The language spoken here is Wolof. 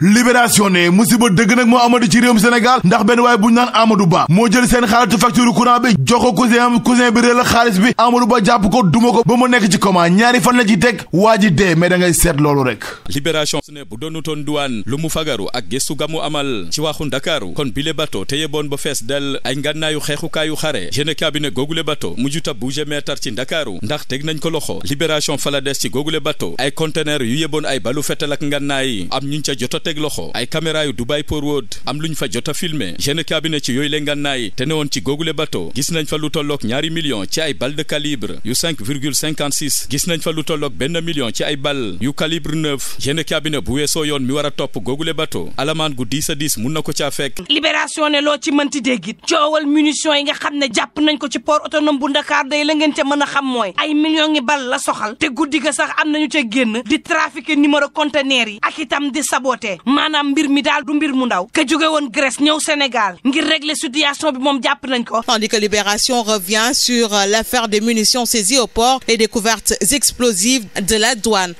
libération ne musiba dëgg nag moo amadi ci réewum Sénégal ndax benn waaye bu ñu naan Amadou Ba moo jël seen xaalitu facture courant bi jox ko cousin bi réel xaalis bi Amadou Ba jàpp ko duma ko ba mu nekk ci coma ñaari fan la ci teg waa ji dee mais da ngay seet loolu rek libération su ne bu doonutoon duwaan lu mu fagaru ak gëstu ga mu amal ci waaxu Ndakaaru kon bile bato téye boon ba fees del ay ngànnaayu xeexukaayu xare géne cabinet googule bato mujjuta bouge meetar ci Ndakaaru ndax teg nañ ko loxo libération fala des ci googule bato ay conteneur yu yeboon ay balu fetal ak teg loxo ay caméra yu Dubai Port Road am luñ fa jot a filmé cabinet ci yooyu la ngànnaay te ne woon ci googule bato gis nañ fa lu tolloog ñaari million ci ay balle de yu gis nañ fa lu tolloog benn million ci ay balle yu calibre 9 cabinet bu weesoo yoon mi war topp googule bato alamaan gu 10 a 10 na ko caa fekk libération ne loo ci mën a xam mooy ay millions ngi bal la soxal te guddi ga sax am nañu ca génn di trafiquer numéro conteneur tandis que Libération revient sur l'affaire des munitions saisies au port et découvertes explosives de la douane.